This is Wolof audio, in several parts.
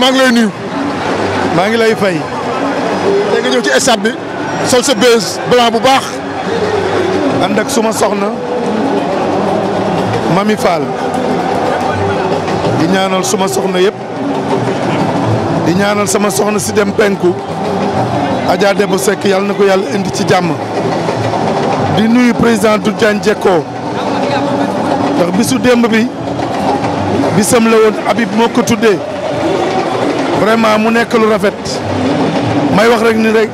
maa ngi lay maa ngi lay fay. tey nga ñëw ci stade bi sol sa bees blanc bu baax. ànd ak suma soxna Mami di ñaanal suma soxna yëpp di ñaanal sama soxna si dem penku Adja Debo Seck yàlla na ko yàlla indi ci jàmm di nuyu président du Diagne Diecko ndax bisu démb bi bisam la woon Habib moo ko tuddee. vraiment mu nekk lu rafet may wax rek ni rek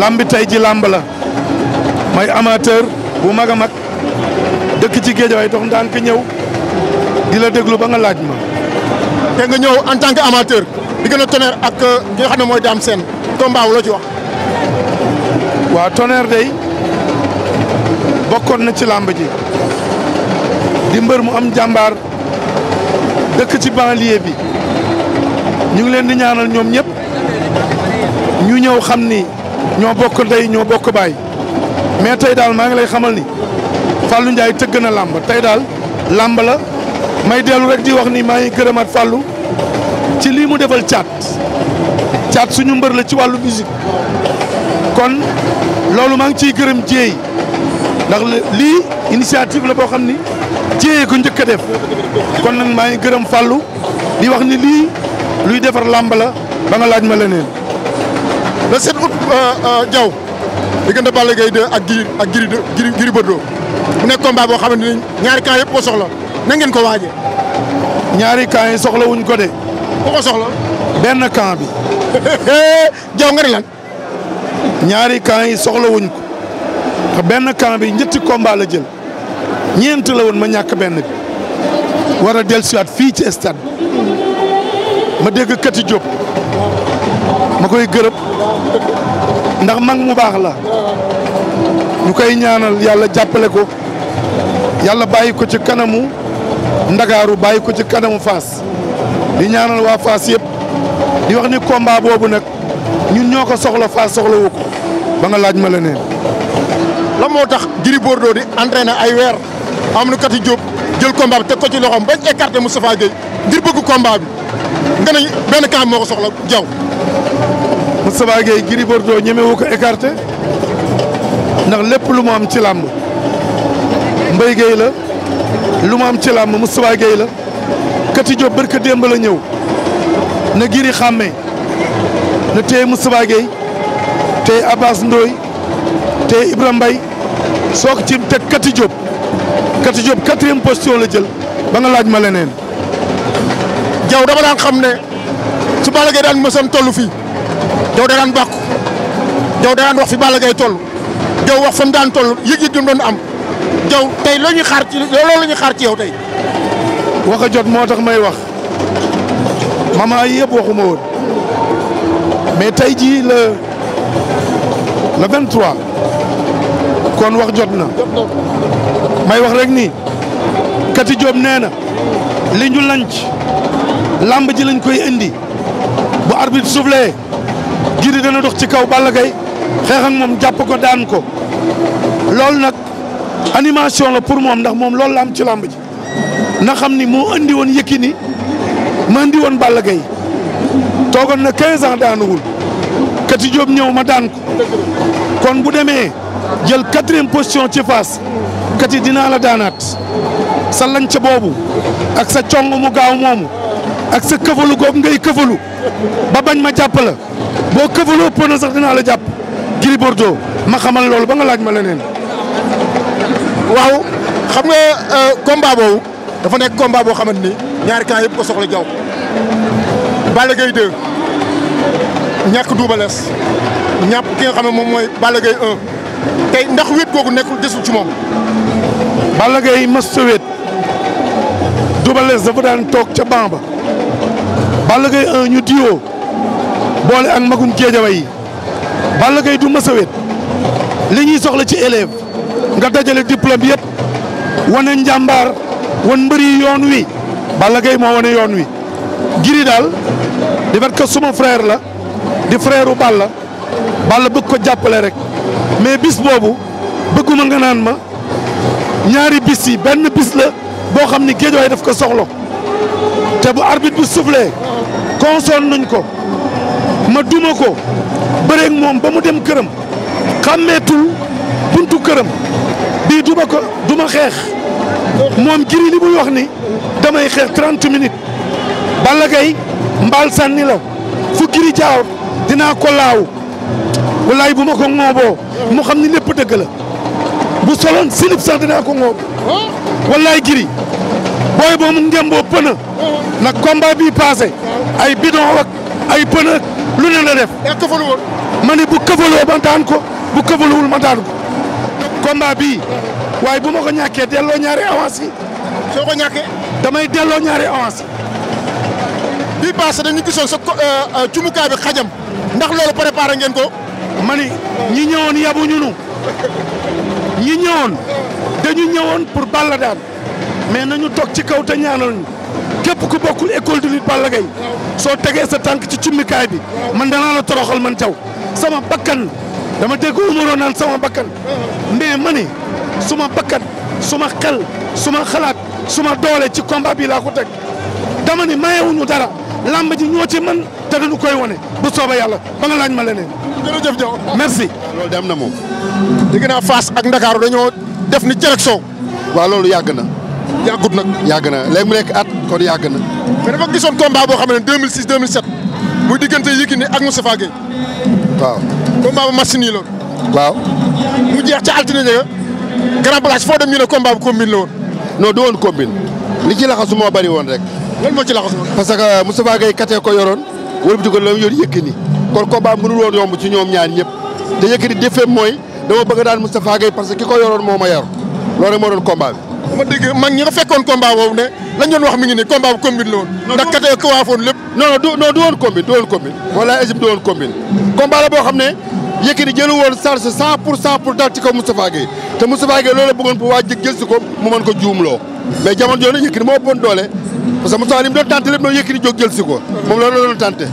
làmbi tey ji làmb la may amateur bu mag a mag dëkk ci Géejawaay dox ndànk ñëw di la déglu ba nga laaj ma. te nga ñëw en tant que amateur di gën a Tonnerre ak ñi euh, nga xam ne mooy Dame Sène combat wu la ci wax. waaw Tonnerre day bokkoon na ci làmb ji di mbër mu am jàmbaar dëkk ci banlieue bi. ñu ngi leen di ñaanal ñoom ñëpp ñu ñëw xam ni ñoo bokk ndey ñoo bokk baay mais tey daal maa ngi lay xamal ni Fallou Ndiaye tëgg na làmb tey daal làmb la may dellu rek di wax ni maa ngi gërëmaat Fallou ci lii mu defal caat caat suñu mbër la ci wàllu musique kon loolu maa ngi ciy gërëm jéey ndax lii initiative la boo xam ni jéey ko njëkk a def kon nag maa ngi gërëm Fallou di wax ni lii. luy defar làmb la ba laaj ma leneen le 7 août euh, euh, Diaw diggante Balla Gaye 2 ak Gris ak Gris Gris mu nekk combat boo xamante ni ñaari camp yëpp ko soxla na ngeen ko waaje ñaari camp yi soxla ko de. benn camp bi. Diaw nga ne lan. ñaari camp yi soxla wuñ ko benn camp bi ñetti combat la jël ñeent la woon ma ñàkk benn bi war a dellusiwaat fii ci stade bi. ma dégg Kati Diop ma koy gërëm ndax man mu baax la ñu koy ñaanal yàlla jàppale ko yàlla bàyyi ko ci kanamu ndagaaru bàyyi ko ci kanamu Fass di ñaanal waa Fass yëpp di wax ni combat boobu nag ñun ñoo ko soxla Fass soxla wu ko ba nga laaj ma la neen moo tax boor Bordeaux di na ay weer am na Kati Diop jël combat bi teg ko ci loxoom bañ écarté Moustapha Gueye ngir bëgg combat bi. nga ne benn camp moo ko soxla jaw Moustapha Gueye Gris Bordeaux ñemewu ko écarté ndax lépp lu mu am ci làmb mbay Gueye la lu mu am ci làmb Moustapha Gueye la Kati Diop barka démb la ñëw na Gris xàmmee na téye Moustapha Gueye téye Abbas Ndoye téye Ibrahima Mbaye soog ci teg Kati Diop Kati Diop quatrième position la jël ba nga laaj ma leneen. jaw dama daan xam ne su Balla Gaye daan mësan toll fii jaw da daan bàkku jaw da daan wax fi Balla Gaye jaw wax fa mu daan toll yëg-yëg dum doon am jaw tey loo ñuy xaar ci loolu la ñuy xaar ci yow tey wax jot moo tax may wax mama yi yëpp waxuma woon mais tey jii la le 23 kon wax jot na may wax rek nii Kati Diop nee na li ñu lanc lamb ji lañ koy indi bu arbitre soufflé Gris dana dox ci kaw Balla Gaye xeex moom jàpp ko daan ko loolu nag animation la pour moom ndax moom loolu la am ci lamb ji na xam ni moo indi woon Yékini ma indi woon Balla Gaye toogoon na 15 ans daanuwul Kati Diop ñëw ma daan ko kon bu demee jël quatrième position ci face Kati dinaa la daanaat sa lanc boobu ak sa cong mu gaaw moomu ak sa këfalu googu ngay këfalu ba bañ ma jàpp la boo këfaloo ëppoon na sax dinaa la jàpp Gris Bordeaux ma xamal loolu ba nga laaj ma leneen. waaw xam nga euh, combat boobu dafa nekk combat boo xamante ni ñaar camp yëpp ko soxla jaww. Balla Gaye 2 ñàkk Double ñàpp ki xam moom mooy Balla Gaye 1 tey ndax wéet googu nekkul desul ci moom. Balla Gaye mas sa wéet Double Less dafa daan toog ca banc ba Balla Gaye 1 ñu diwoo boole ak magum Géejawaay yi Balla Gaye du mës li ñuy soxla ci élève nga dajale diplôme yëpp wane njàmbaar wan mbëri yoon wi Balla Gaye moo wane yoon wi giri daal di fait que suma frère la di frère u Balla Balla bëgg ko jàppale rek mais bis boobu bëgguma nga naan ma ñaari bis yi benn bis la boo xam ni Géejawaay daf ko soxlo te bu arbitre bu soufflé consoon nañ ko ma duma ko bëreeg moom ba mu dem këram xàmmeetul buntu këram bii duma ko duma xeex moom giri li muy wax ni damay xeex 30 minutes Balla Gaye mbaal sànni la fu giri jaaw dinaa ko laaw wallaay bu ma ko ŋooboo mu xam ni lépp dëgg la bu soloon silib sax dinaa ko ŋoob wallaay giri booy boobu ngemboo pëna nag combat bii passé ay bidon ak ay pën lu ne la def. yaa këfalu bu këfaloo ma daan ko bu këfaluwul ma daan ko. Mm-hmm. combat bii waaye bu ma ko ñàkkee delloo ñaari avance yi. soo ko ñàkkee. damay delloo ñaari avance yi. bii passé dañu gisoon sa cumukaay euh, euh, bi xajam ndax loolu préparé ngeen ko. ma ni ñi ñëwoon yabuñu nu ñi ñëwoon dañu ñëwoon pour Balla daan mais nañu toog ci kaw te ñu. képp ku bokkul école de lutte Balla Gaye soo tegee sa tànk ci cummikaay bi man danaa la toroxal man jaw sama bakkan dama dégg umaro naan sama bakkan mais ma ne suma bakkan suma xel suma xalaat suma doole ci combat bi laa ko teg dama ne mayeewuñu dara làmb ji ñoo ci man te dañu koy wane bu sooba yàlla ba nga laaj ma leneen. jërëjëf Jaw merci. loolu dem na moom. naa Fass ak Ndakaaru dañoo def ni jërëg soo waa loolu yàgg na. yàggut nag yàgg na léegi mu nekk at. kon yàgg na. mais dafa gisoon combat boo xam ne 2006 2007 muy diggante Yékini ak Moustapha Gueye. waaw combat bu machine yi waaw. mu jeex ca altine nga grand place foo dem ñu ne combat bu combine la woon. non du woon combine li ci laxasu moo bari woon rek. lan moo ci laxasu parce que Moustapha Gueye katee ko yoroon wëlbati ko la yor Yékini kon combat mënul woon yomb ci ñoom ñaar ñëpp te Yékini defeem mooy dama bëgg daan Moustapha Gueye parce que ki ko yoroon moo ma yor loolu rek ma dégg mag ñi nga fekkoon combat boobu ne lañ doon wax mi ngi nii combat bu combine ndax katee kawaafoon lépp. non non du du woon combine du woon combine. wala Égypte du woon combine. combat boo xam ne Yékini jëlu woon charge 100 pour 100 pour dal ci kaw Moustapha Gueye te Moustapha Gueye loolu la bëggoon pour waa jëg jël si ko mu mën ko juumloo mais jamono jooju Yékini moo ëppoon doole parce que Moustapha li doon tenté lépp noonu Yékini jóg jël ko. moom loolu la doon tenté.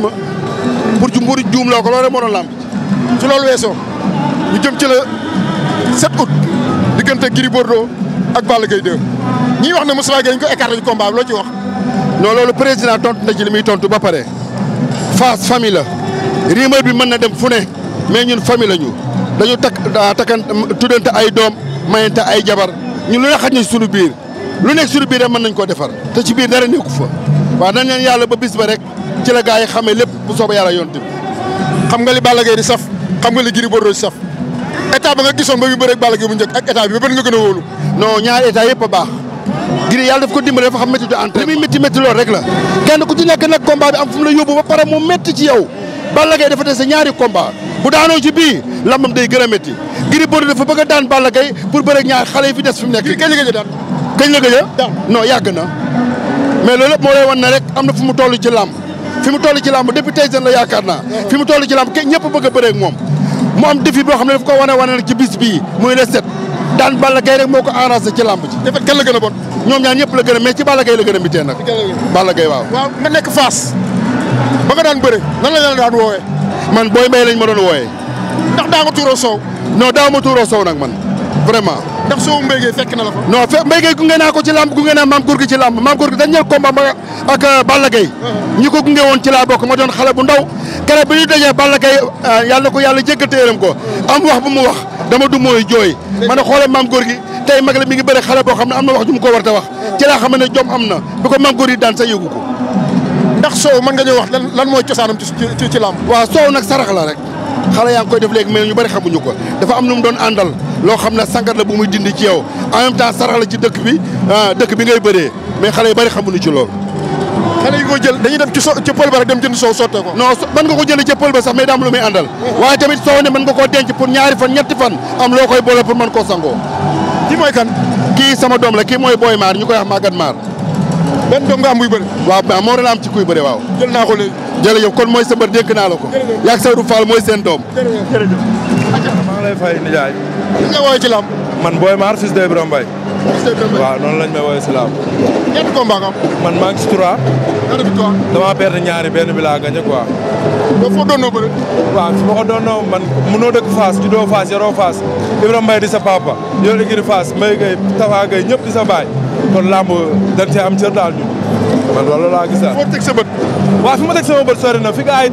ma pour ju mburu loo ko loolu rek moo doon làmb su loolu weesoo ñu jëm ci la 7 août diggante Gris Bordeaux ak Balla Gaye 2 ñii wax ne Moussa Gueye ñu ko écarté ci combat loo ci wax. non loolu président tontu na ci li muy tontu ba pare Fass famille la rumeur bi mën na dem fu ne mais ñun famille la ñu dañu takk takkan tuddante ay doom mayante ay jabar ñu lu ne xaj na suñu biir lu nekk suñu biir rek mën nañ koo defar te ci biir dara nekku fa waaw nañ leen yàlla ba bis ba rek. ci la gars yi xamee lépp bu soobee yàlla yoon tamit xam nga li Balla Gaye di saf xam nga li Gris Bordeaux di saf état ba nga gisoon ba muy bëre ak Balla Gaye bu njëkk ak état bi ba ban nga gën a wóolu. non ñaari état yëpp a baax. Gris yàlla daf ko dimbale dafa xam métti du entraînement li muy métti métti loolu rek la. kenn ku ci nekk nag combat bi am fu mu la yóbbu ba pare mu métti ci yow Balla Gaye ñaari combat bu daanoo ci bii lambam day gën a métti Gris Bordeaux dafa bëgg a daan Balla Gaye pour bëre ak ñaar xale a daan kañ a. daan na mais loolu lépp moo lay am na fu mu toll ci làmb fi mu toll ci làmb depuis tey seen la yaakaar naa fi mu toll ci làmb ke ñëpp bëgg a bëreeg moom mu am boo xam ne daf ko wane wane nag ci bis bii muy le daan Balla Gaye rek moo ko arrangé ci làmb ji defet kan la gën a bon ñoom ñaan ñëpp la gën a mais ci Balla Gaye la gën a mitee nag Balla Gaye waaw waaw nga nekk Fass ba nga daan bëre nan la daan woowee man booy mbay lañ ma doon woowee ndax daa nga tuuroo soow non daa ma tuuroo soow nag man vraiment ndax soo mbéygee fekk na la fa non fekk mbéygee gunge naa ko ci làmb gunge naa maam góor gi ci làmb maam góor gi dañ ñëw combat ma ak euh, Balla Gaye uh-huh. ñi ko gunge woon ci laa bokk ma doon xale bu ndaw keroog bi ñu dajee Balla euh, yàlla ko yàlla jéggal te ko uh-huh. am wax bu mu wax dama du mooy jooy ma ne xoolee maam gi tey mag la mi ngi bëre xale boo xam ne am na wax ju mu ko war a wax uh-huh. ci laa xam ne jom am na ko maam góor gi ko ndax soow mën nga ñëw wax lan lan mooy cosaanam ci ci làmb waaw soow nag sarax la rek xale yaa ngi koy def léegi mais ñu bëri xamuñu ko dafa am nu mu doon àndal loo xam ne sangar la bu muy dindi ci yow en même temps sarax la ci dëkk bi ah, dëkk bi ngay bëree mais xale yu bari xamuñu ci loolu. xale yi ko jël dañuy dem ci so ci pël ba rek dem jënd soow sottee ko. non nga ko jëlee ca pël ba sax mais daa am lu muy àndal. waaye tamit soo ne mën nga koo denc pour ñaari fan ñetti fan am loo koy boole pour mën koo sangoo. kii mooy kan. kii sama doom la kii mooy booy Maar ñu koy wax Maguette Maar. benn doom nga am buy bëri. waaw mais moo la am jël kon mooy sa naa la ko. jërëjëf mooy seen doom. jërëjëf maa ngi lay fay nijaay. man booy maar fils de Ibrahima Mbaye. fils de Ibrahima Mbaye waaw noonu lañ may man maa ngi si trois. ñaari ñaari benn bi laa gagné quoi. boo foo doonoo bëri. waaw su ma ko doonoo man mënoo dëkk Fass juddoo Fass yaroo Fass Ibrahima Mbaye di sa papa yow li ngir Fass Mbaye Gueye di sa baay kon lamb dañ cee am cër daal ñun man loolu laa gis daal. foo teg sa bët. waaw fi ma teg sama bët sori na fi gaa yi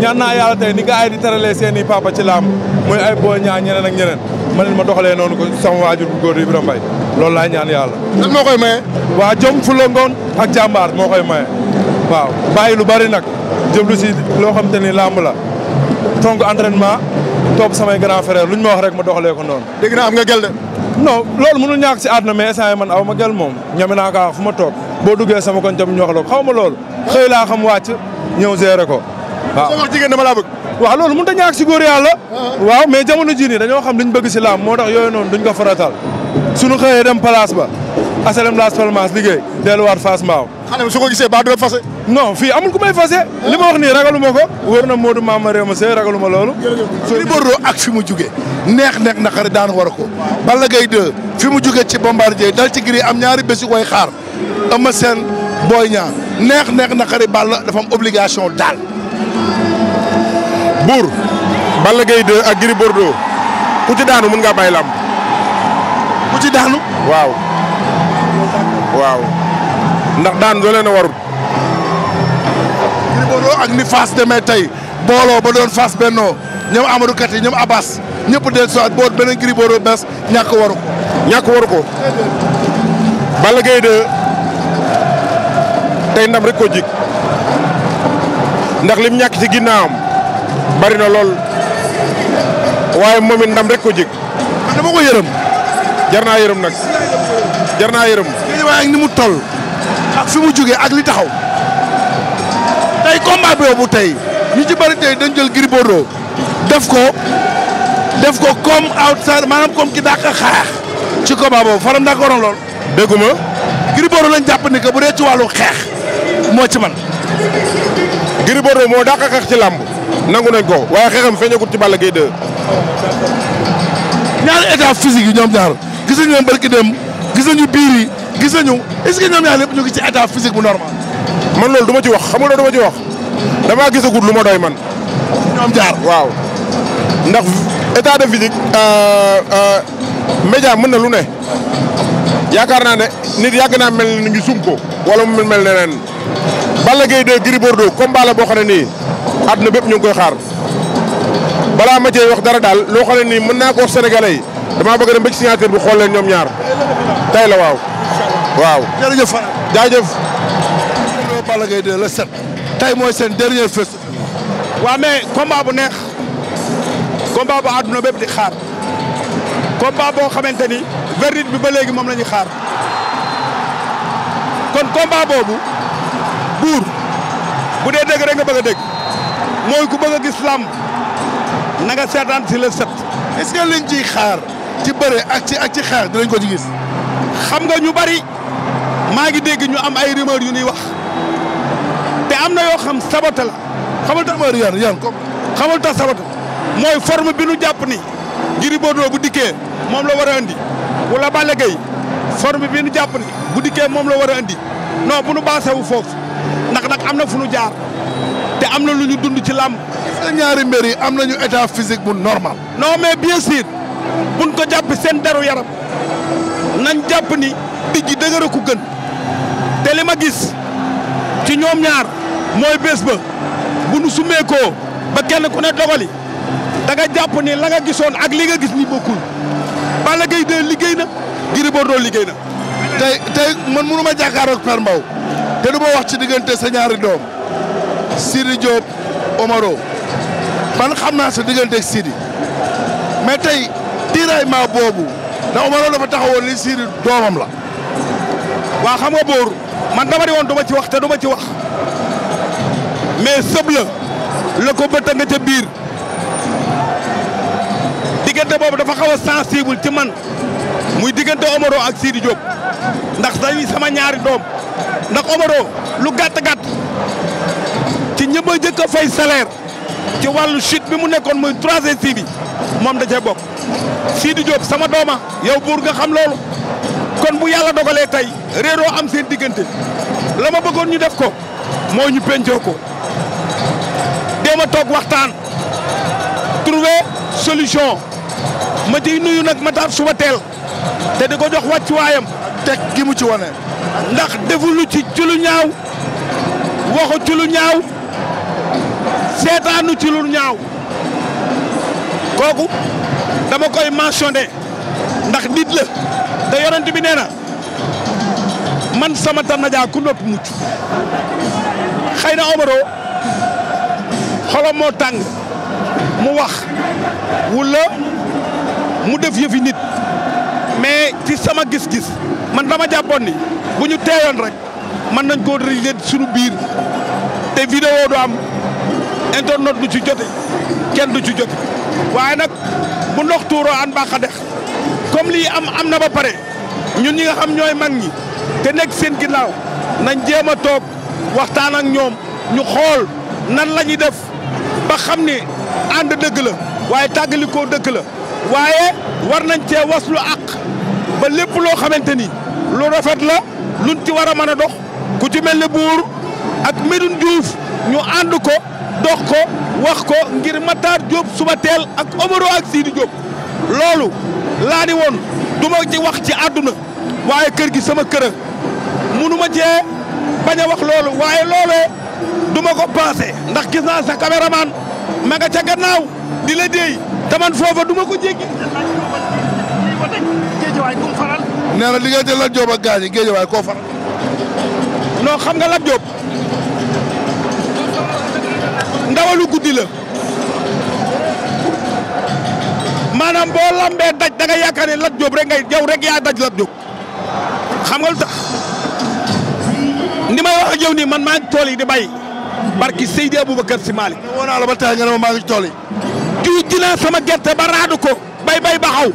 ñaan naa yàlla tey ni gaa yi di teralee seen i papa ci laam muy ay boo ñaa ñeneen ak ñeneen ma leen ma doxalee noonu ko sama waajur bu góor Ibrahima Mbaye loolu laay ñaan yàlla. lan moo koy maye. waa jom fu la ngoon ak jàmbaar moo koy maye waaw bàyyi lu bari nag jëm lu si loo xam te ni làmb la fonk entraînement topp samay grand frère lu ñu ma wax rek ma doxalee ko noonu. dégg na am nga gel de. non loolu mënul ñàkk si àdduna mais instant man aw ma gel moom ñeme naa kaa fu ma toog boo duggee sama koñ tam ñox xaw ma loolu laa xam wàcc ñëw gérer ko. waaw soo wax jigéen dama laa bëgg waaw loolu mënut a ñàkk si góor yàlla uh-huh. waaw mais jamono jii nii dañoo xam liñ bëgg si laam moo tax yooyu noonu duñ ko faratal suñu xëyee dem place ba asalem Las Palmas liggéey delluwaat Fass Mbao xale bi su ko gisee baa du fase non fii amul ku may fase uh-huh. li ma wax nii ragalu ma ko wër na Modou Mama réew ma see ragalu ma loolu Gris ak fi mu jugee neex neex naqari daan war a ko Balla Gaye 2 fi mu jugee ci Bombardier dal ci Gris am ñaari bési koy xaar Eumeu Sène Boy Niang neex neex naqari Balla dafa am obligation daal Mbour. Balla Gaye 2 ak Gris ku ci daanu mën ngaa bàyyi ku ci daanu. waaw. waaw. ndax daan doo leen a warut. Gris Bordeaux ak ni Fass demee tey booloo ba doon Fass bennoo ñoom Amadou Kati ñoom Abbas ñëpp del soit boot beneen Gris bees ñàkk waru ko. ñàkk waru ko. Balla Gaye 2 tey ndam rek ko jik ndax lim ñàkk ci ginnaawam. bari na lool waaye moom it ndam rek ko jig. Ah, man ko yërëm. jar naa yërëm nag jar naa yërëm. waaye ak ni mu toll. ak fi mu jógee ak li taxaw. tey combat bu tey ñu ci bari tey dañ jël Gris def ko def ko comme outsider maanaam comme ki dàq xeex ci combat boobu faram daa lool. dégguma. Gris Bordeaux lañ jàpp ni que bu dee ci wàllu xeex moo ci man Gris Bordeaux moo dàq xeex ci làmb. nangu nañ ko waaye xeexam feeñagul ci Balla Gaye 2. ñaari état physique yi ñoom ñaar gis nañu leen barki dem gis nañu biir yi ñoom ñaar lépp ñu ngi ci état physique bu normal. man loolu du ma ci wax xam nga loolu du ma ci wax damaa gisagut lu ma doy man. ñoom ñaar waaw. ndax état de physique. Euh, euh, média mën na lu ne yaakaar naa ne nit yàgg naa mel ni ngi sum ko mu mel ne ren Balla Gaye de Gris Bordeaux combat la boo xam ne nii. àdduna bépp ñu ngi koy xaar balaa ma wax dara daal loo xam ne nii mën naa ko wax sénégalais damaa bëgg dem ba ci signature bi xool ñoom ñaar tey la waaw. waaw jërëjëf Fara jaajëf. Balla tey mooy seen dernier fest. waaw mais combat bu neex combat bu àdduna bépp di xaar combat boo xamante ni verdict bi ba léegi moom lañuy xaar kon combat boobu buur bu dee dëgg rek nga bëgg a dëgg. mooy ku bëgg a gis làmb naga nga seetaan si le set. est-ce que ciy xaar ci bëre ak ci ak ci xaar ko ci gis. xam nga ñu bari maa ngi dégg ñu am ay rumeur yu ñuy wax te am na yoo xam sabote la xamal tax rumeur yan yan ko xamal tax sabote mooy forme bi nu jàpp ni Gris Bordeaux bu dikkee moom la war a andi wala ba Gaye forme bi nu jàpp ni bu dikkee moom la war a andi non bu nu baasewu foofu ndax nag am na fu nu jaar. te am na lu ñu dund ci làmb. est-ce que ñaari mbër yi am nañu état physique bu normal. non mais bien sûr buñ ko jàpp seen deru yaram nañ jàpp ni digg dëgër ku gën te li ma gis ci ñoom ñaar mooy bés ba bu nu sumeekoo ba kenn ku ne dogali da nga jàpp ni la nga gisoon ak li nga gis ni bokkul Balla Gaye de liggéey na Gris Bordeaux liggéey na. te tey man mënu ma jàkkaarloog Père Mbow te du ma wax ci diggante sa ñaari doom. Sidi Diop Omaro man xam naa sa digganteeg Sidi mais tey tiraillement boobu da Omaro dafa taxawoon li Sidi doomam la. waa xam nga boor man dama di woon du ma ci wax te duma ci wax mais sëb la la ko bëtt nga ca biir diggante boobu dafa xaw a sensible ci man muy diggante Omaro ak Sidi Diop ndax dañuy sama ñaari doom ndax Omaro lu gàtt gàtt. ña ba njëkk a fay salaire ci wàllu chute bi mu nekkoon muy 3 bi moom da cee bokk di Diop sama dooma yow buur nga xam loolu kon bu yàlla dogalee tey réeroo am seen diggante la ma bëggoon ñu def ko moo ñu pencoo ko ma toog waxtaan trouver solution ma ciy nuyu nag ma taaf suba teel te di ko jox wàccuwaayam teg gi mu ci wone ndax defu lu ci ci ñaaw waxu ci ñaaw seetaanu ci lu ñaaw kooku dama koy mentionné ndax nit la te yonent bi nee na man sama tarnaja ku noppi mucc xëy na Omaro xolam moo tàng mu wax wula mu def yëfi nit mais ci sama gis-gis man dama jàppoon ni bu ñu teeyoon rek mën nañ koo régler suñu biir te vidéo du am internet du ci jote kenn du ci joti waaye nag bu ndox tuuroo an baax a dex comme lii am am na ba pare ñun ñi nga xam ñooy mag ñi te nekk seen ginnaaw nañ jéem a toog waxtaan ak ñoom ñu xool nan la def ba xam ni ànd dëgg la waaye tàggalikoo dëgg la waaye war nañ cee waslu àq ba lépp loo xamante ni lu rafet la luñ ci war a mën a dox ku ci mel ne buur ak Medoune Diouf ñu ànd ko dox ko wax ko ngir Matar Diop suba teel ak Omaro ak siid Diop loolu laa woon du ma ci wax ci àdduna waaye kër gi sama kër munu ma bañ a wax loolu waaye loolee duma ko passé ndax gis naa sa caméraman ma nga ca gannaaw di la déy taman foofa duma ko jéggi. nee na diggante Lat Diop ak gaañ yi Géejawaay koo faral. noo xam nga Lat Diop ndawalu guddi la maanaam boo lambee daj da nga yaakaar ne Lat Diop rek ngay jaw rek yaa daj Lat Diop xam nga lu tax ni ma wax ak nii man maa ngi tool yi di bay barki Seydi Aboubacar Si Malick. woo naa la ba tey nga ne ma maa ngi tool yi. tuuti dinaa sama gerte ba raadu ko bay bay ba xaw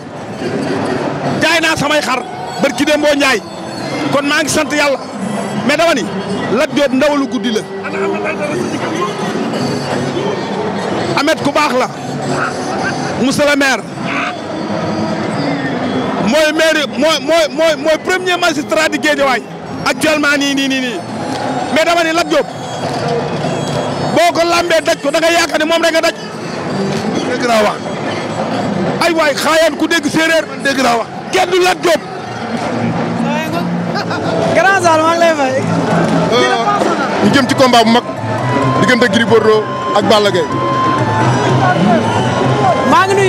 jaay naa samay xar barki dem boo Njaay kon maa ngi sant yàlla mais dama Lat Diop ndawalu guddi la. Ahmed ku baax la monsieur le maire mooy maire mooy mooy mooy mooy premier magistrat di Guédiawaye actuellement nii nii nii nii mais dama ni Lat Diop boo ko lambee daj ko da nga moom rek nga daj. dégg naa wax ay waay xaayaan ku dégg séeréer dégg naa wax kenn du Lat Diop. grand Sall maa ngi lay fay. Euh, ñu jëm ci combat bu mag diggante Gris Bordeaux ak Balla Gaye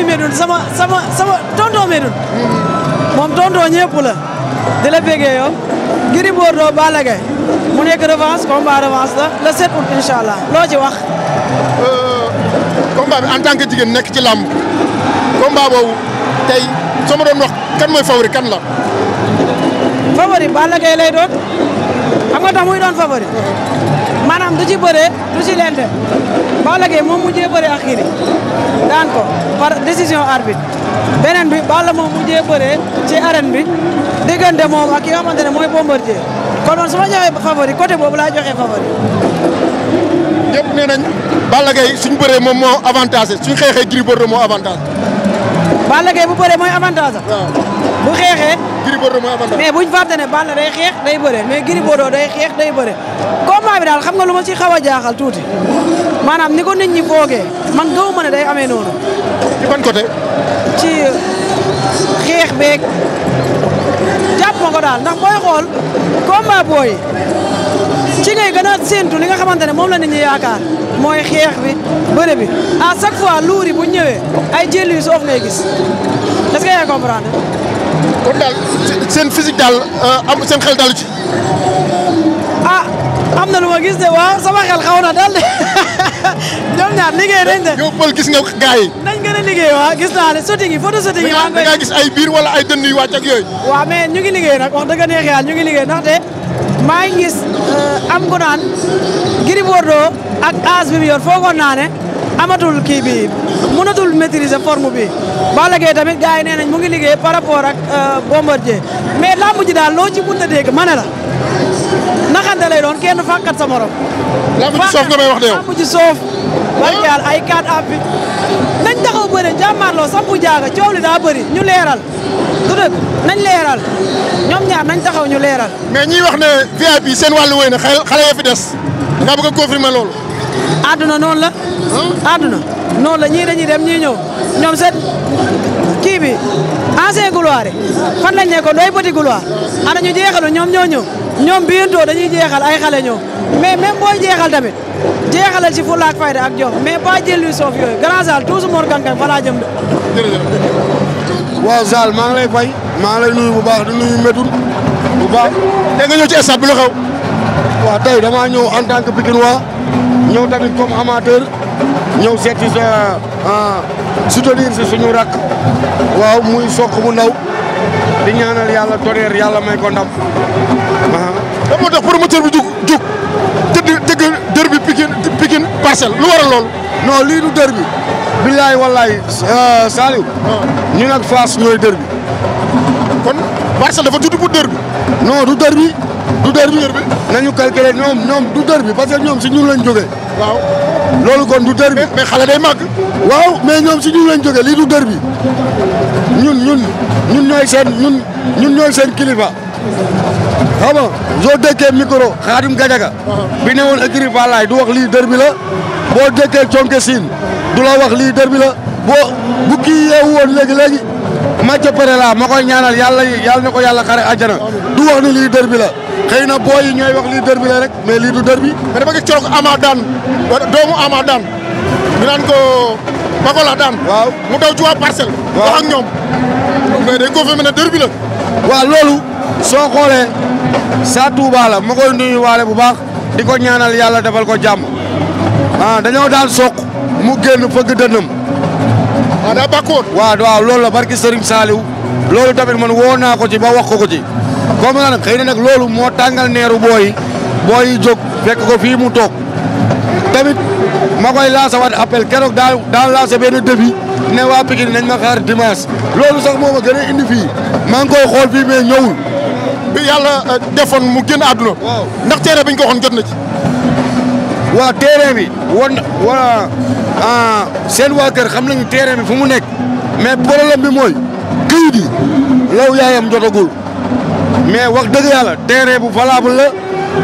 Aliou Medoune sama sama sama tonton Medoune moom tonton ñëpp di la béggee yow Gris Bordeaux Balla Gaye mu nekk revanche combat revanche la le 7 août incha allah loo ci wax. Euh, combat bi en tant que jigéen nekk ci làmb combat boobu tey soo ma doon wax kan mooy favori kan la. favori Balla Gaye lay doon xam nga muy doon favori uh-huh. maanaam du ci bëree du ci lente. Balla Gaye moom mu bëre ak Gris daan ko par décision arbitre beneen bi Balla moom mujjee bëre ci arène bi diggante moom ak ki nga xamante ne mooy Bombardier kon man su ma joxee favori côté boobu laa joxee favori. ñëpp nee nañ Balla Gaye suñu bëree moom moo avantage suñu xeexee Gris Bordeaux moo avantage. Balla Gaye bu bëree mooy avantage. bu xeexee. Gris Bordeaux mooy avantage mais buñ day xeex day bëre mais Gris Bordeaux day xeex day bëre. combat bi daal xam nga lu ma si xaw a jaaxal tuuti maanaam ni ko nit ñi foogee man gaw ma ne day amee noonu. ci ban côté. ci xeex beeg jàpp ma ko daal ndax booy xool combat booy ci ngay gën a séentu li nga xamante ne moom la nit ñi yaakaar mooy xeex bi bëre bi à chaque fois luur yi bu ñëwee ay jël yu soof ngay gis est-ce que yaa kon daal seen physique daal euh, am seen xel dalu ci. ah am na lu ma gis de waaw sama xel xaw na dal de ñoom ñaar liggéey nañ de. yow Paul gis nga gars nañ gën a liggéey waaw gis naa ne shooting yi photo shooting yi. maa gis ay biir wala ay dënnu yu wàcc ak yooyu. waaw mais ñu ngi liggéey nag wax dëgg neex yàlla ñu maa ngi gis euh, am ku naan Gris Bordeaux ak As bi mu yor foogoon naa amatul kii bi mënatul maîtriser forme bi Balla Gaye tamit gars yi mu ngi liggéey par rapport ak euh, Bombardier mais lamb ji daal loo ci mën a dégg ma ne la naxante lay doon kenn fàkkat sa morom. lamb soof nga may wax de yow lamb soof. barke yàlla ay quatre appuis nañ taxaw bëre jàmmaarloo sampu jaaga coow li daa bëri ñu leeral du dëgg nañ leeral ñoom ñaar nañ taxaw ñu leeral. mais ñiy wax ne VIP seen wàllu wéy na xale xale ya des nga bëgg a confirmer loolu. noonu la. àdduna noonu la ñii dañuy dem ñii ñëw ñoom seen kii bi ancien gloire fan lañ nekkoon doy petit gloire ana ñu jeexalu ñoom ñoo ñëw ñoom bientôt dañuy jeexal ay xale ñëw mais même booy jeexal tamit jeexalal ci fulla ak fayda ak jom mais pas jël luy soof yooyu grand Zal toujours Mor Kang Kang de. waaw Zal maa ngi lay fay maa ngi lay nuyu bu baax di nuyu métul bu baax te nga ci stade bi xew. waaw tey damaa ñëw en tant que Pikinois tamit comme amateur. ñëw seeti sa ah, soutenir si suñu rak waaw muy Sokh bu ndaw di ñaanal yàlla Tonnerre yàlla may ko ndam. da ah. moo tax promoteur bi jug jug tëdd tëgg dër bi Pikine Pikine Parcelles lu waral lool. non lii du dër bi. billaay wallaay ah, ñu nag Fass ñooy dër kon Parcelles dafa tudd bu dër bi. du dër bi. du dër bi nañu calculer ñoom ñoom du dër bi ñoom si ñun lañ jógee. waaw. loolu kon du derby mais xale day màgg. waaw mais ñoom si ñun lañ jógee lii du derby ñun ñun ñun ñooy seen ñun ñun ñooy seen kilifa. xam nga soo dékkee micro Khadim Gadiaga bi ne woon écrit Fallaye du wax lii derby la boo dékkee Conke Sine du la wax lii derby la boo bu kii yeewu woon léegi léegi Mathieu Pereira ma koy ñaanal yàlla ne na ko yàlla xare àjjana du wax ni lii derby la. xëy na booy yi ñooy wax lii derby rek mais lii du derby mais dama gis coow Ama daan doomu Ama daan ñu naan ko Bagola daan. waaw mu daw ci waa parcelle. ñoom mais day confirmé ne derby loolu soo xoolee saa Touba la ma koy nuyu waale bu baax di ko ñaanal yàlla defal ko jàmm ah dañoo daan soq mu génn fëgg dënnam. waaw ah, daa bàkkoon. waaw waaw loolu la barki Serigne Saliou loolu tamit man woo ko ci ba wax ko ko ci. comme nag xëy na nag loolu moo tàngal neeru booy booy yi jóg fekk ko fii mu toog tamit ma koy lancer waat appel keroog daa daa lancer benn défi ne waa Pikine nañ ma xaar dimanche loolu sax moo ma gën a indi fii maa ngi koy xool fii mais ñëwul. bi yàlla euh, defoon mu génn àdduna. ndax terrain bi ñu ko waxoon jot na ci. waa terrain bi wan waa ah, seen waa kër xam nañu terrain bi fu mu nekk mais problème bi mooy kayit yi law yaayam jotagul. mais wax dëgg yàlla terrain bu valable la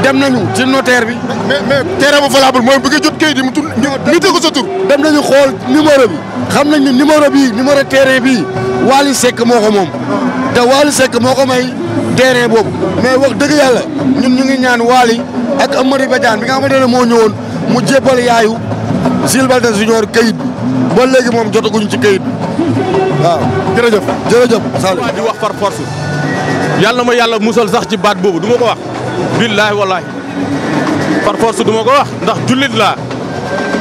dem nañu ci notaire bi. mais mais terrain bu valable mooy bëgg a jot kayit yi mu tur. ñu tegu sa tur. dem nañu xool numéro bi. xam nañ ni numéro bii numéro terrain bii Wally Seck moo ko moom de Wally sek moo ko may terrain boobu mais wax dëgg yàlla ñun ñu ngi ñaan Wally ak Amady Badiane bi nga xamante ne moo ñëwoon mu jébbal yaayu Jules Baldé Junior kayit bi ba léegi moom jotaguñu ci kayit bi waaw jërëjëf jërëjëf Saliou di wax par force yàlla na ma yàlla musal sax ci baat boobu duma ko wax billaahi wallaahi par force ko wax ndax jullit laa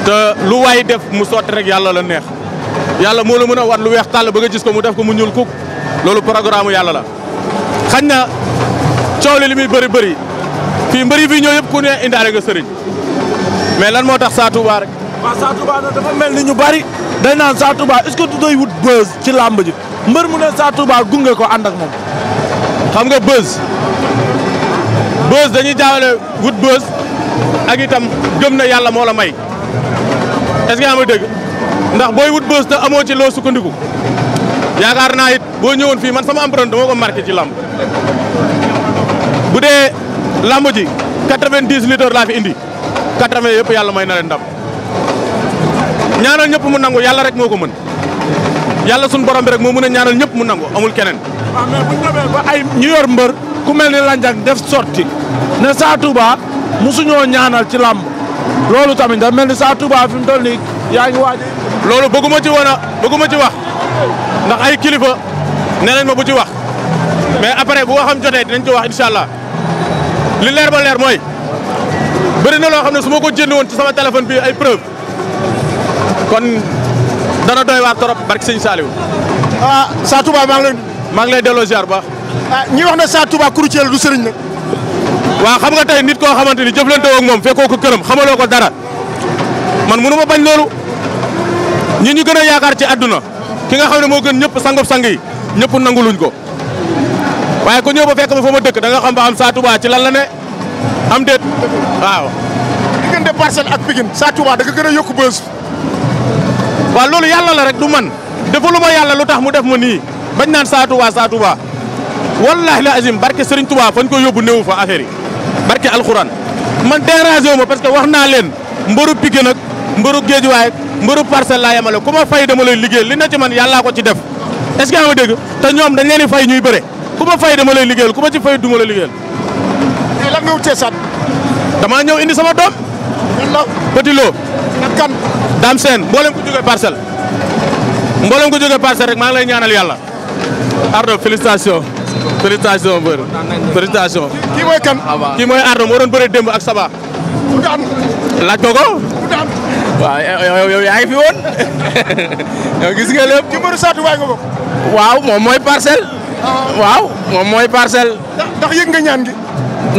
te lu waay def mu sotti rek yàlla la neex yàlla moo la mën a wat lu weex tàll ba nga gis ko mu def ko mu ñuul kuk loolu programme yàlla la xañ na coow li li muy bari bari fii mbëri fii ñoo yëpp ku ne indaale nga sëriñ mais lan moo tax Sa rek waaw Sa Touba dafa mel ni ñu bari da naan Sa Touba est-ce que du doy wut buzz ci làmb ji mbër mu ne Sa Touba ko ànd ak moom xam nga buzz buzz dañuy jaawale wut buzz ak itam gëm na yàlla moo la may est-ce que dëgg ndax booy wut buzz te amoo ci loo sukkandiku yaakaar naa it boo ñëwoon fii man sama empreinte moo ko marqué ci lamb bu dee lamb ji 90 litres laa fi indi 80 yëpp yàlla may na leen ndam ñaanal ñëpp mu nangu yàlla rek moo ko mën yàlla suñu borom bi rek moo mën a ñaanal ñëpp mu nangu amul keneen waaw ah, mais bu ñu ba ay ñu yor mbër ku mel ni Landiang def sorti ne Sa Touba musuñoo ñaanal ci làmb loolu tamit da mel ni Sa Touba fi mu toll nii yaa ngi waaj loolu bëgguma ci woon a bëgguma ci wax ndax ay kilifa nee nañ ma bu ci wax mais après bu waxam jotee dinañ ci wax allah li leer ba leer mooy bëri na loo xam ne suma ko jënd woon ci sama téléphone bi ay preuve kon dana doy waar trop barke sëñ Saliou. ah Sa Touba maa ngi maa ngi lay delloo ziar baax. ah ñi wax na Sa Touba courtier la du sëriñ nag. waaw xam nga tey nit ko xamante ni jëflante ak moom fekkoo ko këram xamaloo ko dara man mënu ma bañ loolu ñi ñu gën a yaakaar ci àdduna ki nga xam ne moo gën ñëpp sangob sang yi ñëpp nanguluñ ko waaye ku ñëw ba fekk ma fa ma dëkk da nga xam ba am Sa Touba ci lan la ne am déet waaw. diggante Parcelles ak Pikine Sa Touba da nga gën a yokku bës. waaw loolu yàlla la rek du man defaluma yàlla lu tax mu def ma nii. bañ naan Saa Touba Saa Touba wallaahi la azim barke Serigne Touba fañ ko yóbbu néew fa affaire yi barke alxuraan man dérangé wu ma parce que wax naa leen mbëru Pikine nag mbëru Guédiawaye mbëru Parcelles laa yemale ku ma fay dama lay liggéey li na ci man yàllaa ko ci def est-ce que yaa ñoom dañ leen i fay ñuy bëre ku ma fay dama lay liggéeyal ku ma ci fay duma la liggéeyal. tey lan nga wut sat damaa ñëw indi sama doom. la Petit Lo. ak kan. Dame Sène mboolem ko jógee parcelle mboolem ko jógee parcelle rek lay ñaanal yàlla. Ardo félicitation félicitation mbër félicitation. kii mooy kan. kii mooy Ardo moo bëre démb ak Saba. ku daan. waaw yow yow yaa fi woon yow gis nga lépp. ci mbëru saatu waay nga waaw moom mooy parcelle. Ah. waaw moom mooy parcelle. ndax yëg nga ñaan gi.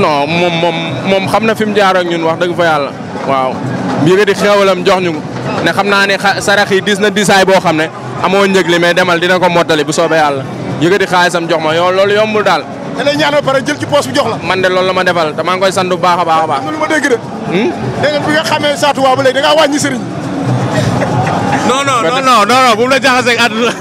non moom moom moom xam na fi mu jaar ak ñun wax dëgg fa yàlla. waaw bii di xewalam jox ñu ne xam naa ne sarax yi dis na disaay boo xam ne amoo njëg li mais demal dina ko mottali bu soobee yàlla. yëkkati xaalisam jox ma yow loolu yombul daal. da lay ñaan ba pare jël ci poos bi jox la. man de loolu la ma defal te maa ngi koy sant bu baax a baax a baax. lu ma dégg de. Hmm? dégg nga bi nga xamee Sa Touba ba léegi da ngaa wàññi sëriñ. non non non non non bu mu la jaxasee ak àdduna.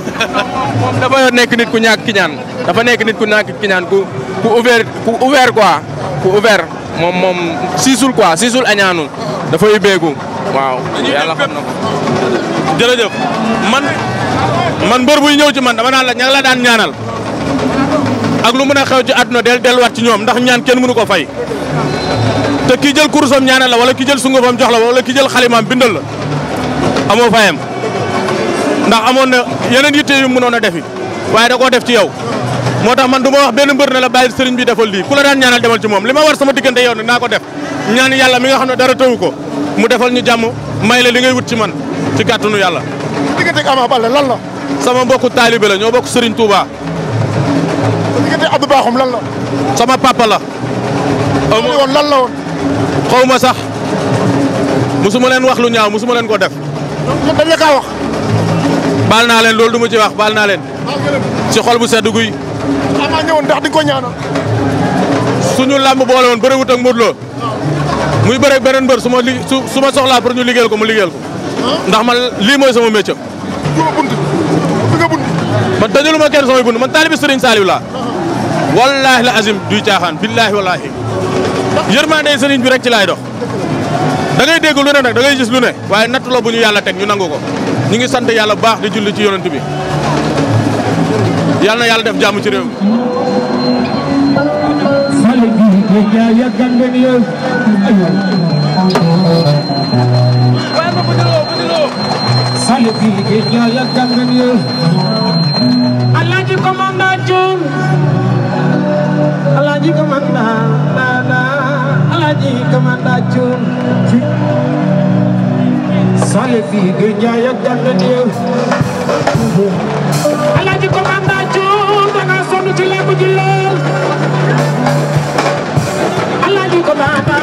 moom dafa nekk nit ku ñàkk ki ñaan dafa nekk nit ku ñàkk ki ñaan ku ku ouvert ku ouvert quoi ku ouvert moom moom siisul quoi siisul añaanul dafa yóbbeeku waaw yàlla xam na ko jërëjëf man. man mbër buy ñëw ci man dama naan la ña la daan ñaanal ak lu mën a xew ci àdduna del delluwaat ci ñoom ndax ñaan kenn mënu ko fay te ki jël kurusam ñaanal la wala ki jël sungufam jox la wala ki jël xalimaam bindal la amoo fayam ndax amoon na yeneen yitte yu mënoon a defi waaye da koo def ci yow moo tax man du ma wax benn mbër ne la bàyyi sëriñ bi defal lii ku la daan ñaanal demal ci moom li ma war sama diggante yow nag ko def ñaan yàlla mi nga xam ne dara tëwu ko mu defal ñu jàmm may la li ngay ci man ci gàttanu yàlla diggante Ama Baldé lan la. sama mbokku taalibe la ñoo bokk Serigne Touba. sa diggante la. sama papa la. amul woon ma sax musuma leen wax lu ñaaw musuma leen ko def. ñoom dañ la naa leen loolu du ma ci wax baal naa leen. ci xol bu sedd guy. Ama ndax di ko ñaanal. suñu làmb boole woon bëriwut ak Modou Lo muy bëre beneen mbër su ma li su ma soxlaa pour ñu liggéeyal ko mu liggéeyal ko. ndax ma lii mooy sama métier. duuma bunt bi nga bunt. man dajalu ma kenn samay bunt man taalibi Serigne Saliou la wallaahi la azim duy caaxaan billaahi wallaahi. yërmande Serigne bi rek ci laay dox. da ngay dégg lu ne nag da ngay gis lu ne. waaye nattu la bu ñu yàlla teg ñu nangu ko. ñu ngi sant yàlla bu baax di julli ci yonent bi. yàlla na yàlla def jàmm ci réew mi. bi géej jaay ak jàngat yi. alaaji commanda Thion. alaaji commanda Nana alaaji commanda Thion. sale bi géej jaay ak jàngat yi. alaaji commanda Thion da nga sonn ci lépp ji lool. alaaji commanda.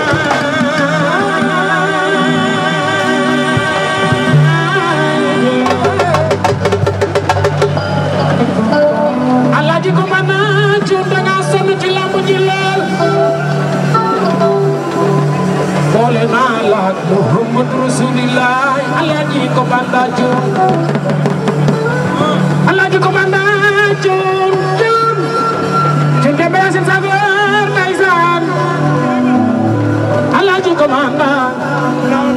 ji ko mën na cuun da ngaa sonn ci làmb ji la ak Muhammad Rasulillah alaaji ko mën na cuun alaaji ko mën na cuun cuun cuun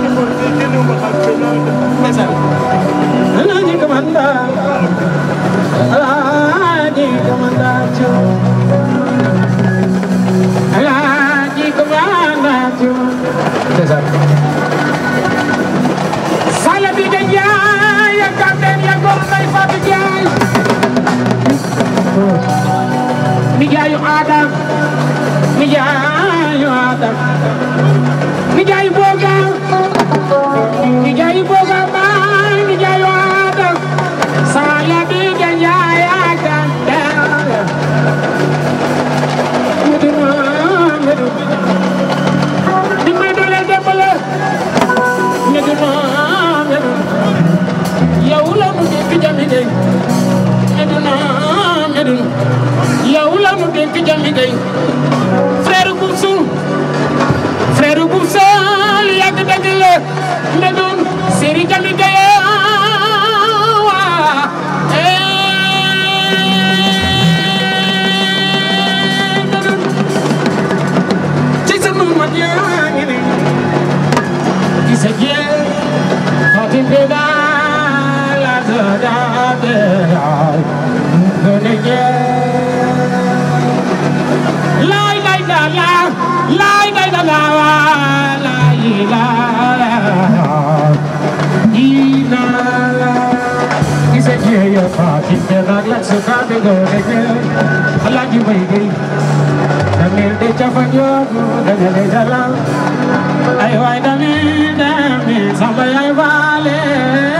Ay, why, David, David, somebody I valley.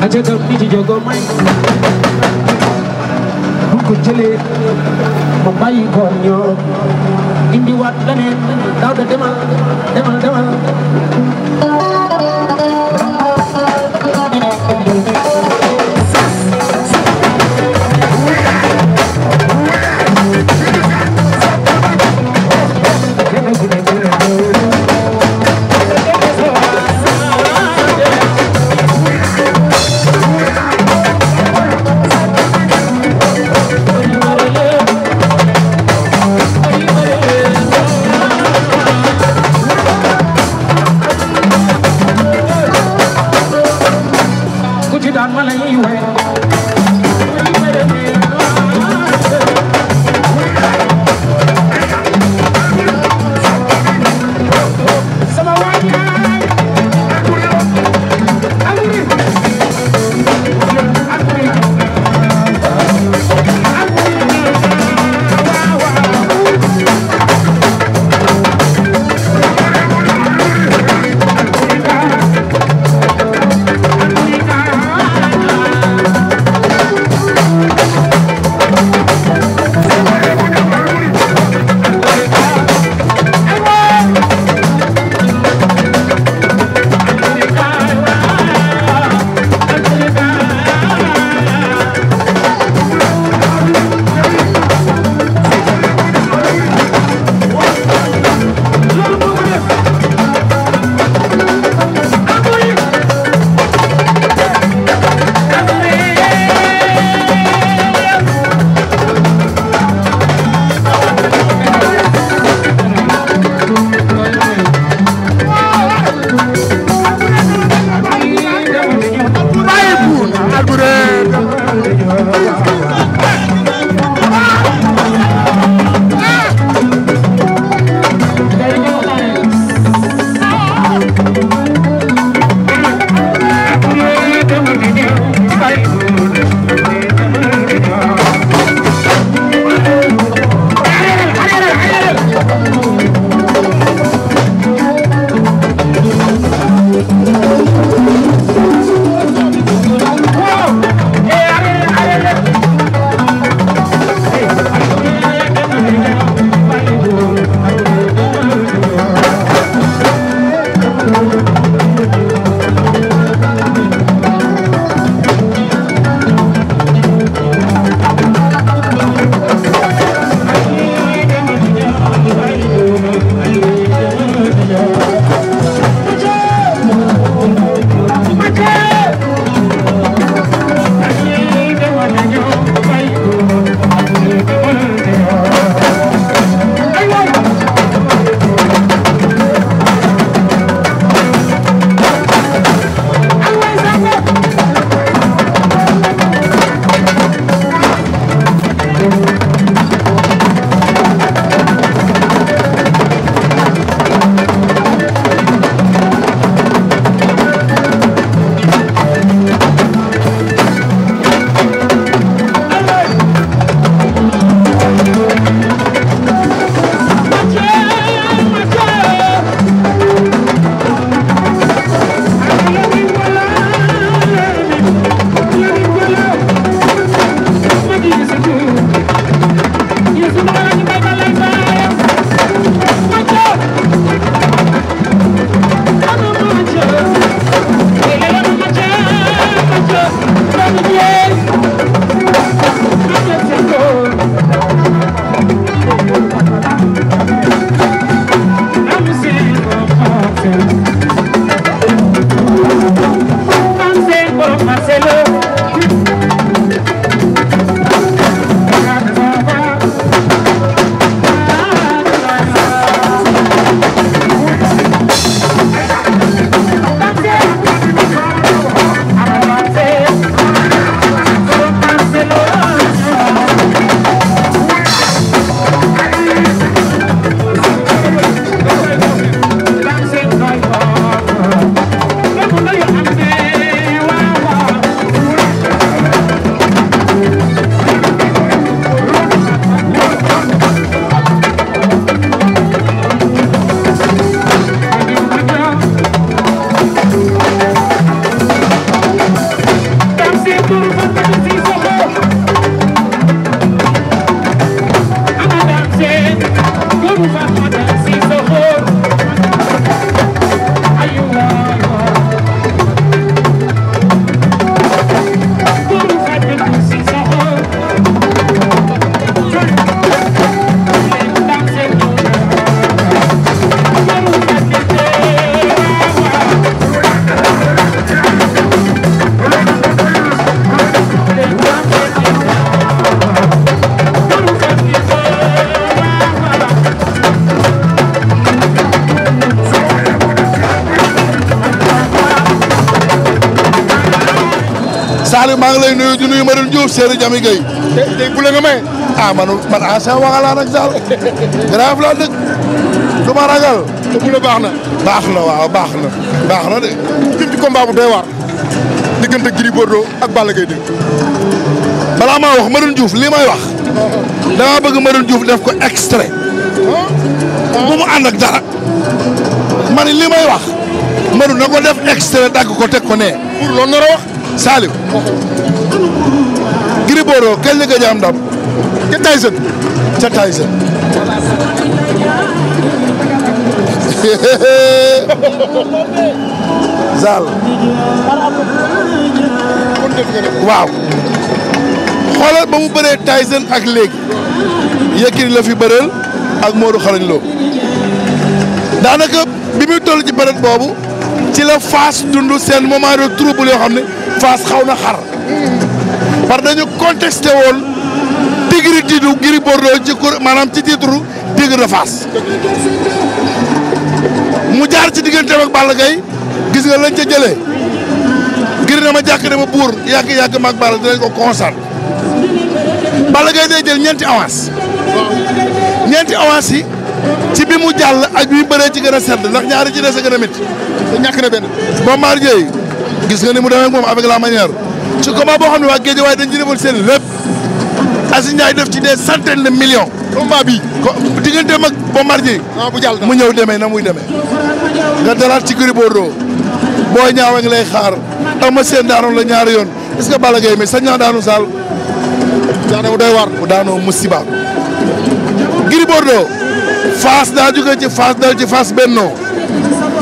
ajagam ni ci jogo may bu ko jëlee ma bàyyi ko ñoo indiwaat leneen daaw da demal demal demal Saliou maa ngi lay nuyu di nuyu Madoune Diouf Seydou Diamy Guèye. tey tey bu may. ah man man ancien waxalaan ak Sall. grave la dëkk du ma ragal. te baax na. baax na waaw baax na. de. jëm ci combat bu doy waar. diggante Gris ak Balla Gaye 2. balaa maa wax Madoune Diouf lii wax. damaa bëgg Madoune Diouf def ko extrait. Ah, ah. bu mu dara. ma ne wax. Madoune na ko def extrait dagg ko teg ko nee. pour loolu nga wax. Saliou Gris Bordeaux kañ am ndam ca Tyson ca Tyson waaw xoolal ba mu bëree Tyson ak léegi Yékini la fi bëreel ak Modou Xarañ Lo daanaka bi muy toll ci période boobu ci la faas dund seen moment de trouble yoo xam ne Fass xaw na xar par dañu contesté woon tigri tidu Bordeaux ci kur maanaam ci titre Tigre de Fass mu jaar gis nga lañ ca jële jëlee na ma jàkk dama buur yàgg-yàgg maag Balla dinañ ko constat Balla Gaye day jël ñeenti avance ñeenti avance yi ci bi mu jàll ak bi bëree ci ga a sedd ndax ñaari ci des a gën a ñàkk na benn Bombardier gis nga ni mu demee moom avec la manière ci combat boo xam ne waa Guédiawaye dañ ci defal seen lépp Aziz Ndiaye def ci des centaines de millions. combat bi ko digganteem ak Bombardier. waaw bu jàll mu ñëw demee na muy demee. ga dalaat ci Gris Bordeaux booy ñaaw a ngi xaar ama seen daanoon la ñaari yoon est ce que Balla Gaye mais sañ naa daanu Saal. daanaka doy war bu daanoo musiba. Gris Bordeaux Fass daa jóge ci Fass dal ci Fass Benno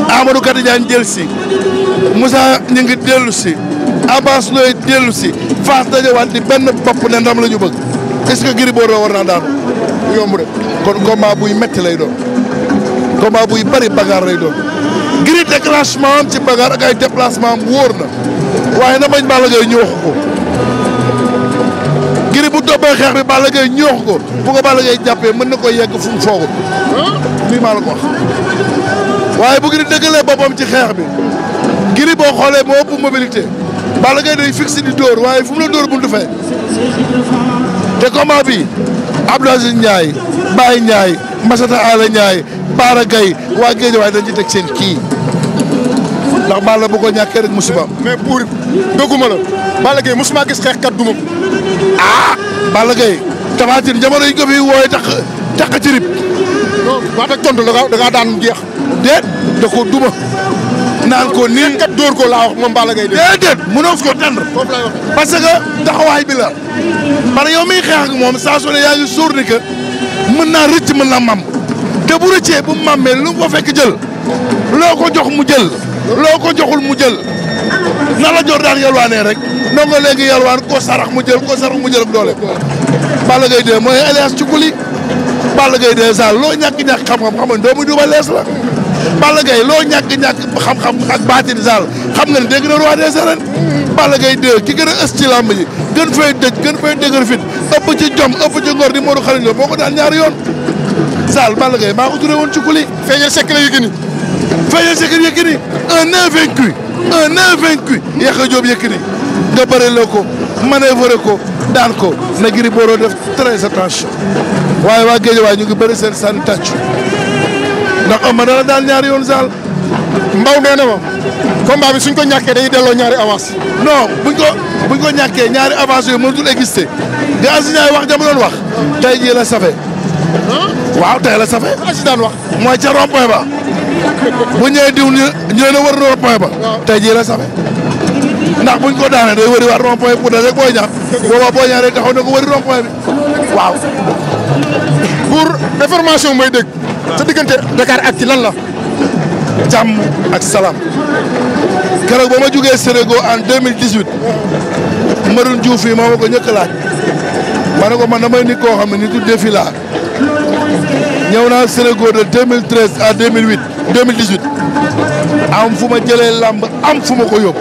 Amadou Kati Diagne jël Moussa ñu ngi dellu si Abass looy dellu si Fass dajawaat di benn bopp ne ndam la ñu bëgg est que Gris Bordeaux war naa daan yomb de kon combat buy metti lay doon combat buy bari bagarre lay doon Gris déclenchement am ci bagarre ak ay am wóor na waaye na bañ Balla Gaye ñooxu ko Gris bu toppee xeex bi Balla Gaye ñooxu ko bu ko Balla jàppee mën na ko yegg fu mu foogul lii wax waaye bu Gris dëggalee boppam ci xeex bi Gris boo xoolee moo ëpp mobilité Balla Gaye day fixe di dóor waaye fu mu la dóor buntu fee te combat bi Abdou Aziz Ndiaye Baye Ndiaye Massata Ala Ndiaye Baara Gaye waa Géej waaye dañ ci teg seen kii ndax Balla bu ko ñàkkee rek musiba mais pour dëgguma la Balla Gaye mosuma gis xeexkat duma ko ah Balla Gaye Tapha Tine jamono yi ko fi wooye tax tax ci rib non wax daan jeex déet da duma naan ko nii dóor ko laa wax moom Balla Gaye déedéet mënoo ko tendre parce que taxawaay bi la parce que yow miy xeex ak moom saa su ne yaa ngi suur ni que mën naa rëcc mën naa mam te bu rëccee bu mammee lu mu ko fekk jël loo ko jox mu jël loo ko joxul mu jël na la jor daan yalwaanee rek ndongo léegi yalwaan ko sarax mu jël ko sarax mu jël ak doole Balla Gaye dee mooy alias ci kuli Balla Gaye dee saa loo ñàkk ñàkk xam-xam xam nga doomu duba lees la Balla Gaye loo xam-xam ak baatin saal xam nga ne dégg na roi des arènes Balla Gaye 2 ki gën a ës ci làmb ji gën fay dëj gën fay dëgër fit ëpp ci jom ëpp ci ngor di Modou Xarañ Lo boo ko daan ñaari yoon saal Balla Gaye maa ko woon ci kuli feeñal secret Yékini feeñal secret Yékini un invaincu un invaincu Yaxa Joob Yékini nga bëri la ko manœuvre ko daan ko na Gris Bordeaux def très attention waaye waa géej waaye ñu ngi bëri seen sànni tàccu ndax am na daan ñaari yoon saal Mbaw nee na ma combat bi suñ ko ñàkkee dañuy delloo ñaari avance. non buñ ko buñ ko ñàkkee ñaari avance yooyu mënatul exister di Aziz Ndiaye wax dama doon wax tey jii la safe waaw tey la safe Aziz daan wax mooy ca rond ba bu ñëwee diw ñu ñëw na war rond ba tey jii la safe ndax buñ ko daanee day wëri waat rond-point pour daje booy ñaar booba booy ñaar taxaw na ko wëri rond-point bi waaw pour information mooy dégg sa diggante Dakar ak ci lan la jàmm ak salaam keroog ba ma jugee Sénégal en 2018 Maroune Diouf yi moo ma ko ñëkk laaj ma ne ko man damay nit koo xam ne nit du défi laa ñëw naa Sénégal de 2013 à 2008 2018 am fu ma jëlee làmb am fu ma ko yóbbu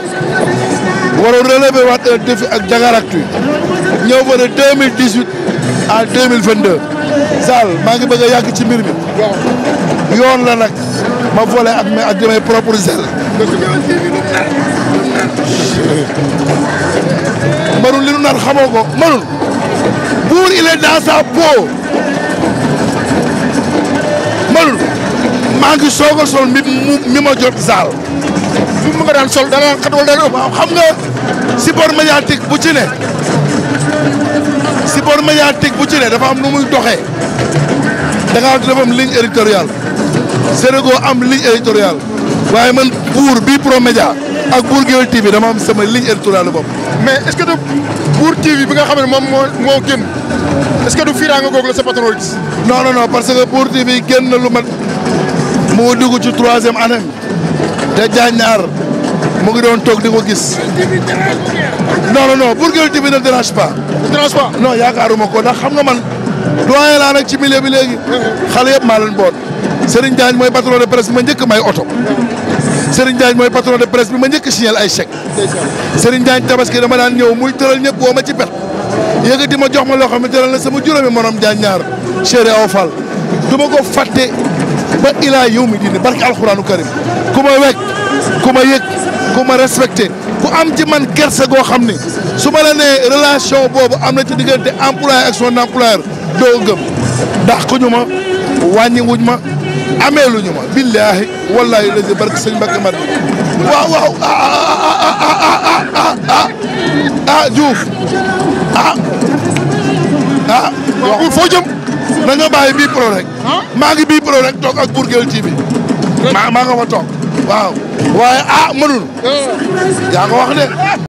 waroon relever waat un défi ak Dakaractu ñëw fa de 2018 à 2022 Sall maa ngi bëgg a yàgg ci mbir mi yoon la nag. ma volé ak mes ak mes propres ailes. Mbarul li nu nar xamoo ko Mbarul. buur il est dans sa peau. Mbarul. maa ngi soog a sol mi ma jot zaal. fi mu nga daan sol dana xat wala dana waaw xam nga support médiatique bu ci ne. support médiatique bu ci ne dafa am nu muy doxee. da ngaa dafa am ligne éditoriale. Sénégo am ligne éditoriale waaye man pour bii Pro Média ak Bour Gueweul TV dama sama ligne éditoriale bopp. mais est-ce que du Bour TV bi nga xam ne moom moo moo génn est-ce que du fiiraanga googu sa patron gis. non non non parce que Bour TV génn lu mat moo dugg ci troisième année te Diagne Naar moo ngi doon toog di ko gis. non non no Bour Gueweul TV ne dérange pas. ne yaakaaruma ko ndax xam nga man doyen laa nag ci milieu bi léegi. Uh-huh. xale yëpp maa leen boot. Serigne Diagne mooy patron de presse bi ma njëkk may oto Serigne Diagne mooy patron de presse bi ma njëkk signal ay chèque Serigne Diagne tabaski dama daan ñëw muy tëral ñëpp woo ma ci pet di ma jox ma loo xam ne tëral na sama juróomi morom Diagne ñaar chéri aw Fall du ko fàtte ba ilaa yow mi diine barki alxuraanu karim ku ma wekk ku ma yëg ku ma respecté ku am ci man kersa goo xam ne su ma la nee relation boobu am na ci diggante employé ak son employeur doo gëm ndax ku amee lu ñu ma billaahi wallaahi lazi barke sëñ Mbacke Mat waaw waaw ah Diouf ah ah waxul foo jëm nañoo bàyyi bii pro maa ngi bii pro toog ak Bourguel TV maa maa nga fa toog waaw waaye ah mënul yaa ko wax de